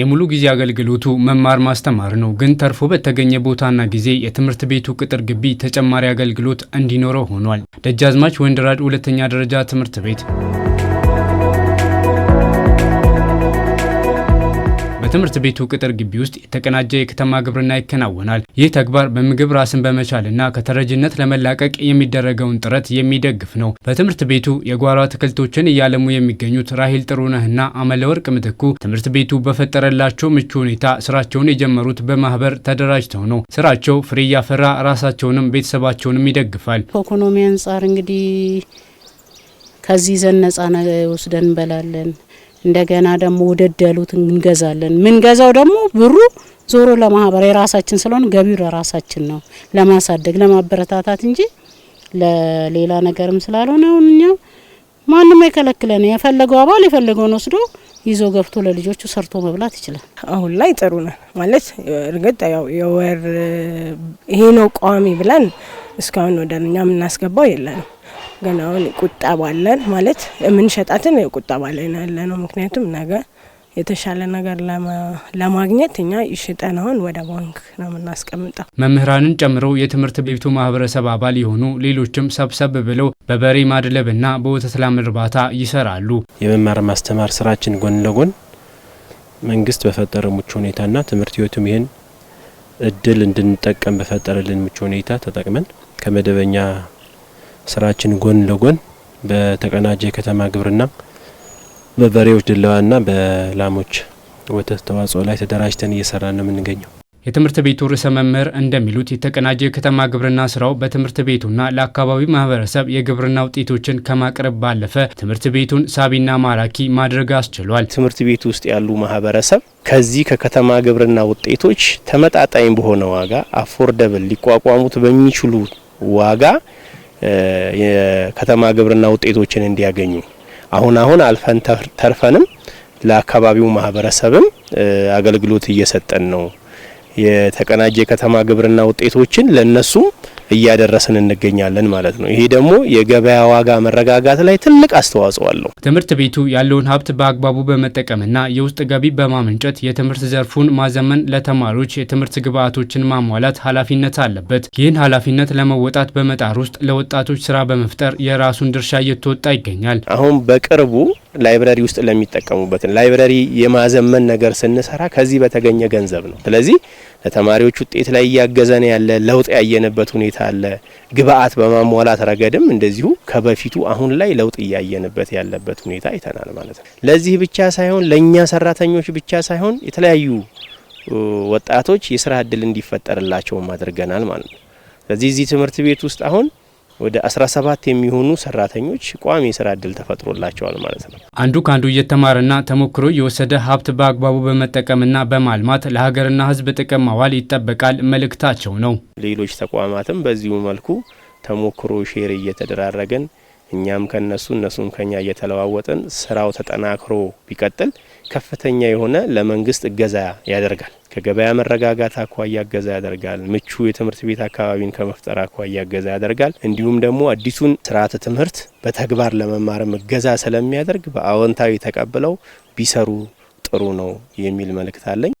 የሙሉ ጊዜ አገልግሎቱ መማር ማስተማር ነው፣ ግን ተርፎ በተገኘ ቦታና ጊዜ የትምህርት ቤቱ ቅጥር ግቢ ተጨማሪ አገልግሎት እንዲኖረው ሆኗል። ደጃዝማች ወንድራድ ሁለተኛ ደረጃ ትምህርት ቤት በትምህርት ቤቱ ቅጥር ግቢ ውስጥ የተቀናጀ የከተማ ግብርና ይከናወናል። ይህ ተግባር በምግብ ራስን በመቻልና ከተረጅነት ለመላቀቅ የሚደረገውን ጥረት የሚደግፍ ነው። በትምህርት ቤቱ የጓሮ አትክልቶችን እያለሙ የሚገኙት ራሂል ጥሩነህና አመለወርቅ ምትኩ ትምህርት ቤቱ በፈጠረላቸው ምቹ ሁኔታ ስራቸውን የጀመሩት በማህበር ተደራጅተው ነው። ስራቸው ፍሬ እያፈራ ራሳቸውንም ቤተሰባቸውንም ይደግፋል። ከኢኮኖሚ አንጻር እንግዲህ ከዚህ ዘን ነጻ ወስደን እንበላለን እንደገና ደግሞ ወደደሉት እንገዛለን። ምንገዛው ደግሞ ብሩ ዞሮ ለማህበር የራሳችን ስለሆነ ገቢው ለራሳችን ነው፣ ለማሳደግ ለማበረታታት እንጂ ለሌላ ነገርም ስላልሆነ አሁን እኛ ማንም አይከለክለን። የፈለገው አባል የፈለገውን ወስዶ ይዞ ገብቶ ለልጆቹ ሰርቶ መብላት ይችላል። አሁን ላይ ጥሩ ነን ማለት እርግጥ ያው የወር ይሄ ነው ቋሚ ብለን እስካሁን ወደ እኛ የምናስገባው የለንም። ገና አሁን ቁጠባለን ማለት የምንሸጣትን ቁጠባለን ያለ ነው። ምክንያቱም ነገ የተሻለ ነገር ለማግኘት እኛ ይሽጠን አሁን ወደ ባንክ ነው የምናስቀምጠው። መምህራንን ጨምሮ የትምህርት ቤቱ ማህበረሰብ አባል የሆኑ ሌሎችም ሰብሰብ ብለው በበሬ ማድለብና በወተት ላም እርባታ ይሰራሉ። የመማር ማስተማር ስራችን ጎን ለጎን መንግስት በፈጠረ ምቹ ሁኔታና ትምህርት ቤቱም ይህን እድል እንድንጠቀም በፈጠረልን ምቹ ሁኔታ ተጠቅመን ከመደበኛ ስራችን ጎን ለጎን በተቀናጀ የከተማ ግብርና በበሬዎች ድለዋና በላሞች ወተት ተዋጽኦ ላይ ተደራጅተን እየሰራ ነው የምንገኘው። የትምህርት ቤቱ ርዕሰ መምህር እንደሚሉት የተቀናጀ የከተማ ግብርና ስራው በትምህርት ቤቱና ለአካባቢው ማህበረሰብ የግብርና ውጤቶችን ከማቅረብ ባለፈ ትምህርት ቤቱን ሳቢና ማራኪ ማድረግ አስችሏል። ትምህርት ቤቱ ውስጥ ያሉ ማህበረሰብ ከዚህ ከከተማ ግብርና ውጤቶች ተመጣጣኝ በሆነ ዋጋ አፎርደብል ሊቋቋሙት በሚችሉ ዋጋ የከተማ ግብርና ውጤቶችን እንዲያገኙ አሁን አሁን አልፈን ተርፈንም ለአካባቢው ማህበረሰብም አገልግሎት እየሰጠን ነው። የተቀናጀ የከተማ ግብርና ውጤቶችን ለነሱም እያደረስን እንገኛለን ማለት ነው። ይሄ ደግሞ የገበያ ዋጋ መረጋጋት ላይ ትልቅ አስተዋጽኦ አለው። ትምህርት ቤቱ ያለውን ሀብት በአግባቡ በመጠቀምና የውስጥ ገቢ በማመንጨት የትምህርት ዘርፉን ማዘመን፣ ለተማሪዎች የትምህርት ግብዓቶችን ማሟላት ኃላፊነት አለበት። ይህን ኃላፊነት ለመወጣት በመጣር ውስጥ ለወጣቶች ስራ በመፍጠር የራሱን ድርሻ እየተወጣ ይገኛል። አሁን በቅርቡ ላይብረሪ ውስጥ ለሚጠቀሙበትን ላይብረሪ የማዘመን ነገር ስንሰራ ከዚህ በተገኘ ገንዘብ ነው። ስለዚህ ለተማሪዎች ውጤት ላይ እያገዘን ያለ ለውጥ ያየንበት ሁኔታ አለ። ግብአት በማሟላት ረገድም እንደዚሁ ከበፊቱ አሁን ላይ ለውጥ እያየንበት ያለበት ሁኔታ አይተናል ማለት ነው። ለዚህ ብቻ ሳይሆን ለእኛ ሰራተኞች ብቻ ሳይሆን የተለያዩ ወጣቶች የስራ እድል እንዲፈጠርላቸውም አድርገናል ማለት ነው። ስለዚህ እዚህ ትምህርት ቤት ውስጥ አሁን ወደ 17 የሚሆኑ ሰራተኞች ቋሚ የስራ እድል ተፈጥሮላቸዋል ማለት ነው። አንዱ ከአንዱ እየተማረና ተሞክሮ የወሰደ ሀብት በአግባቡ በመጠቀምና በማልማት ለሀገርና ሕዝብ ጥቅም ማዋል ይጠበቃል መልእክታቸው ነው። ሌሎች ተቋማትም በዚሁ መልኩ ተሞክሮ ሼር እየተደራረገን እኛም ከነሱ እነሱም ከኛ እየተለዋወጥን ስራው ተጠናክሮ ቢቀጥል ከፍተኛ የሆነ ለመንግስት እገዛ ያደርጋል። ከገበያ መረጋጋት አኳያ እገዛ ያደርጋል። ምቹ የትምህርት ቤት አካባቢን ከመፍጠር አኳያ እገዛ ያደርጋል። እንዲሁም ደግሞ አዲሱን ስርዓተ ትምህርት በተግባር ለመማርም እገዛ ስለሚያደርግ በአዎንታዊ ተቀብለው ቢሰሩ ጥሩ ነው የሚል መልእክት አለኝ።